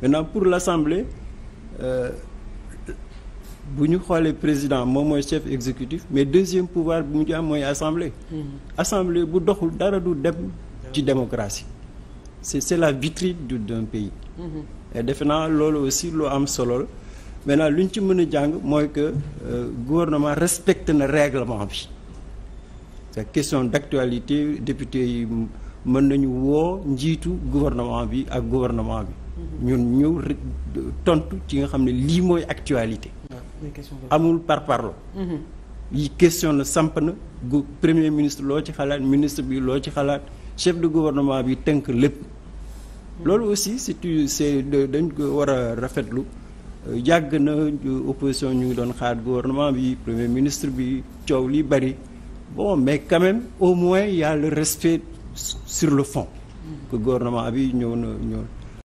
maintenant pour l'assemblée euh, bu ñu xoolee président moom mooy chef exécutif mais deuxième pouvoir bu mu ci am mooy assemblée. Mhm. assemblée bu doxul dara du dem ci démocratie c'est c'est la vitrine du d'un pays. Mhm. defe naa loolu aussi loo am solo la maintenant lu ñu ci mën a jàng mooy que euh, gouvernement respecte na règlement bi c'est question d'actualité député yi mën nañu woo njiitu gouvernement bi ak gouvernement bi. ñun ñëw tontu ci nga xam ne lii mooy actualité. Ah, amul par parlo. Mhm. yi question na samp na gu premier ministre loo ci xalaat ministre bi loo ci xalaat chef de gouvernement bi tënk lépp. Mhm. loolu aussi c'est c'est dañ ko war a rafetlu euh, yàgg na opposition ñu ngi doon xaar gouvernement bi premier ministre bi coow li bari bon mais quand au moins yàlla y a le respect sur le fond. Mhm. que gouvernement bi ñëw na ñëw.